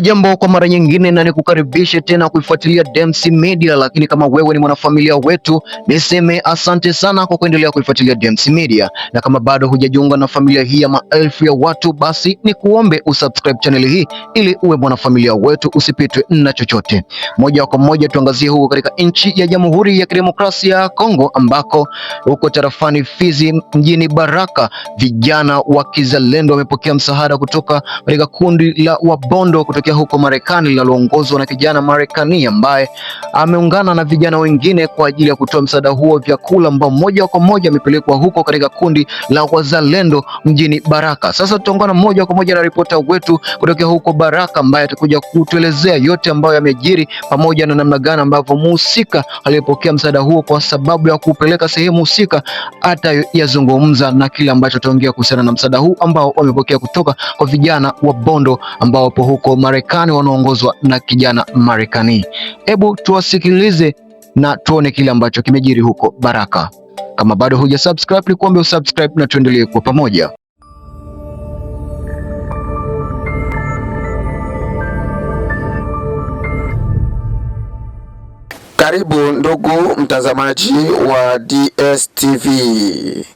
Hujambo kwa mara nyingine, na nikukaribishe tena kuifuatilia Dems Media. Lakini kama wewe ni mwanafamilia wetu, niseme asante sana kwa kuendelea kuifuatilia Dems Media, na kama bado hujajiunga na familia hii ya maelfu ya watu, basi ni kuombe usubscribe channel hii ili uwe mwanafamilia wetu, usipitwe na chochote. Moja kwa moja tuangazie huko katika nchi ya Jamhuri ya Kidemokrasia ya Kongo, ambako huko tarafani Fizi mjini Baraka, vijana wa kizalendo wamepokea msaada kutoka katika kundi la Wabondo kutoka jipya huko Marekani linaloongozwa na kijana Marekani ambaye ameungana na vijana wengine kwa ajili ya kutoa msaada huo, vyakula ambao moja kwa moja amepelekwa huko katika kundi la wazalendo mjini Baraka. Sasa tutaungana moja kwa moja na ripota wetu kutokea huko Baraka ambaye atakuja kutuelezea yote ambayo yamejiri pamoja na namna gani ambavyo muhusika aliyepokea msaada huo kwa sababu ya kupeleka sehemu husika atayazungumza na kile ambacho ataongea kuhusiana na msaada huu ambao wamepokea kutoka kwa vijana wa Bondo ambao wapo huko Marekani wanaongozwa na kijana Marekani. Hebu tuwasikilize na tuone kile ambacho kimejiri huko Baraka. Kama bado huja subscribe, ni kuombe usubscribe na tuendelee kwa pamoja. Karibu ndugu mtazamaji wa DSTV.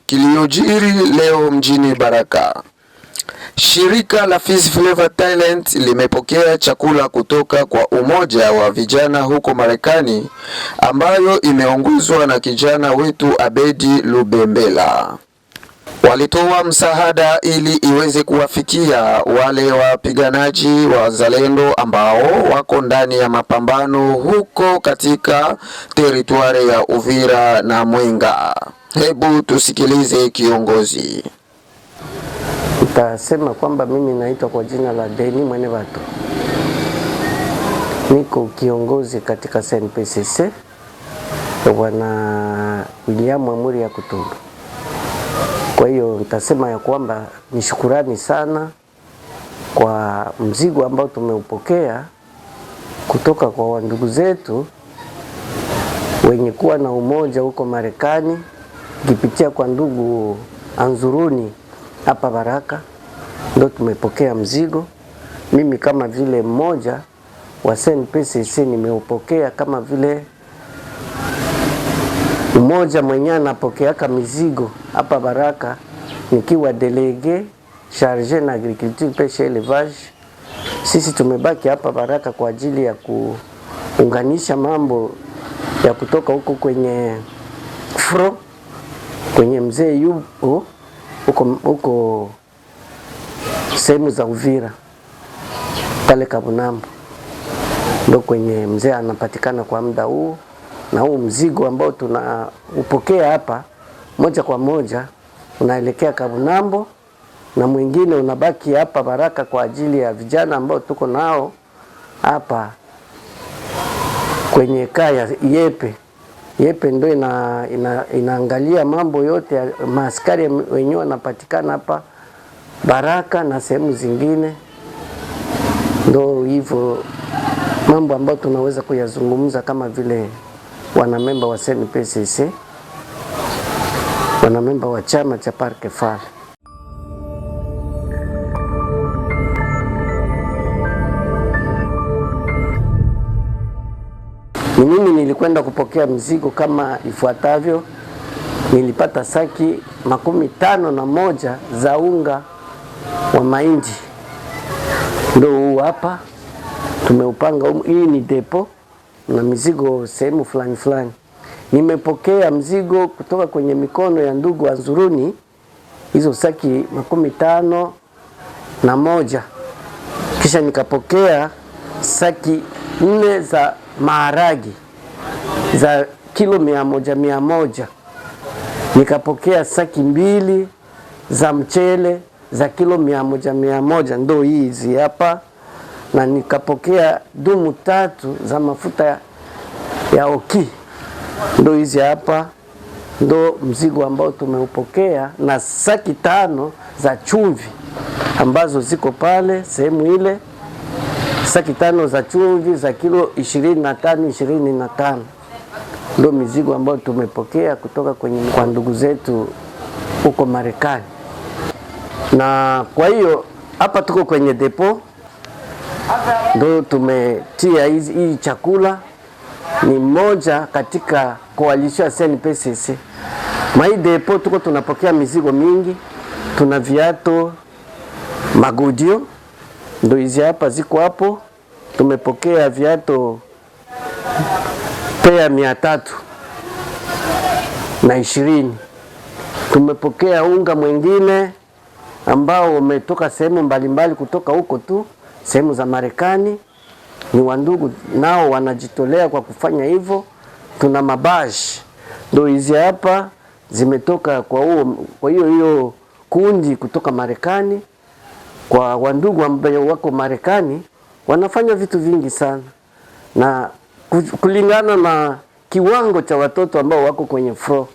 Kiliyojiri leo mjini Baraka. Shirika la Fizz Flavor Talent limepokea chakula kutoka kwa umoja wa vijana huko Marekani ambayo imeongozwa na kijana wetu Abedi Lubembela. Walitoa msaada ili iweze kuwafikia wale wapiganaji wazalendo ambao wako ndani ya mapambano huko katika teritwari ya Uvira na Mwenga. Hebu tusikilize kiongozi tasema kwamba mimi naitwa kwa jina la Deni Mwene Watu, niko kiongozi katika SNPCC wana William Amuri ya kutundu Kwa hiyo nitasema ya kwamba ni shukurani sana kwa mzigo ambao tumeupokea kutoka kwa wandugu zetu wenye kuwa na umoja huko Marekani, kipitia kwa ndugu Anzuruni hapa Baraka ndo tumepokea mzigo. Mimi kama vile mmoja wa SNPCC nimeupokea kama vile mmoja mwenyewe anapokeaka mizigo hapa Baraka nikiwa delege charge na agriculture peshe elevage. Sisi tumebaki hapa Baraka kwa ajili ya kuunganisha mambo ya kutoka huko kwenye fro kwenye mzee yupo oh, huko huko sehemu za Uvira pale Kabunambo ndo kwenye mzee anapatikana kwa muda huu, na huu mzigo ambao tunaupokea hapa moja kwa moja unaelekea Kabunambo na mwingine unabaki hapa Baraka kwa ajili ya vijana ambao tuko nao hapa kwenye kaya Yepe yepe ndo ina, ina, inaangalia mambo yote ya maaskari wenyewe wanapatikana hapa Baraka na sehemu zingine. Ndo hivyo mambo ambayo tunaweza kuyazungumza kama vile wanamemba wa SNPCC, wanamemba wa chama cha parke FAL. Ni mimi nilikwenda kupokea mzigo kama ifuatavyo. Nilipata saki makumi tano na moja za unga wa mahindi, ndio huu hapa tumeupanga humu. Hii ni depo na mizigo sehemu fulani fulani. Nimepokea mzigo kutoka kwenye mikono ya ndugu Anzuruni, hizo saki makumi tano na moja, kisha nikapokea saki nne za maharagi za kilo mia moja mia moja nikapokea saki mbili za mchele za kilo mia moja mia moja ndo hizi hapa, na nikapokea dumu tatu za mafuta ya oki ndo hizi hapa, ndo mzigo ambao tumeupokea, na saki tano za chumvi ambazo ziko pale sehemu ile saki tano za chumvi za kilo ishirini na tano ishirini na tano ndio mizigo ambayo tumepokea kutoka kwenye kwa ndugu zetu huko Marekani. Na kwa hiyo hapa tuko kwenye depo, ndio tumetia hii chakula ni moja katika koalisho ya CNPSC. Mai depo tuko tunapokea mizigo mingi, tuna viato magudio ndio hizi hapa ziko hapo. Tumepokea viato pea mia tatu na ishirini. Tumepokea unga mwingine ambao umetoka sehemu mbalimbali, kutoka huko tu sehemu za Marekani. Ni wandugu nao wanajitolea kwa kufanya hivyo. Tuna mabashi ndio hizi hapa zimetoka kwa hiyo hiyo kundi kutoka Marekani kwa wandugu ambao wako Marekani wanafanya vitu vingi sana, na kulingana na kiwango cha watoto ambao wako kwenye fro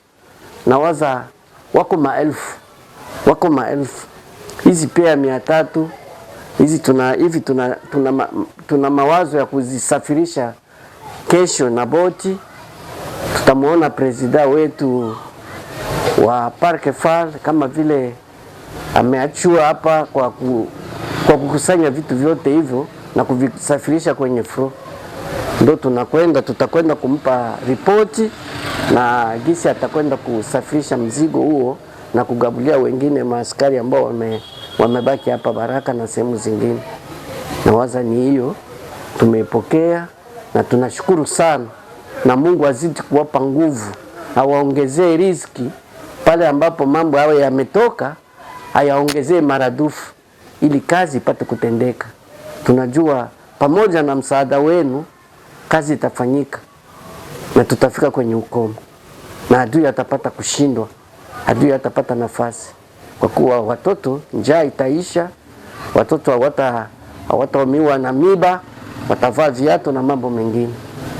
na waza wako maelfu, wako maelfu. Hizi pea mia tatu hizi tuna, hivi tuna, tuna, tuna mawazo ya kuzisafirisha kesho na boti. Tutamwona presida wetu wa parke Fal kama vile ameachua hapa kwa, ku, kwa kukusanya vitu vyote hivyo na kuvisafirisha kwenye fro, ndo tunakwenda tutakwenda kumpa ripoti na gisi atakwenda kusafirisha mzigo huo na kugabulia wengine maaskari ambao wame, wamebaki hapa Baraka na sehemu zingine. Nawaza ni hiyo tumeipokea na tunashukuru sana, na Mungu azidi kuwapa nguvu, awaongezee riziki pale ambapo mambo hayo yametoka ayaongezee maradufu ili kazi ipate kutendeka. Tunajua pamoja na msaada wenu kazi itafanyika na tutafika kwenye ukomo, na adui atapata kushindwa, adui atapata nafasi, kwa kuwa watoto, njaa itaisha, watoto hawataumiwa na miba, watavaa viatu na mambo mengine.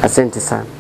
Asante sana.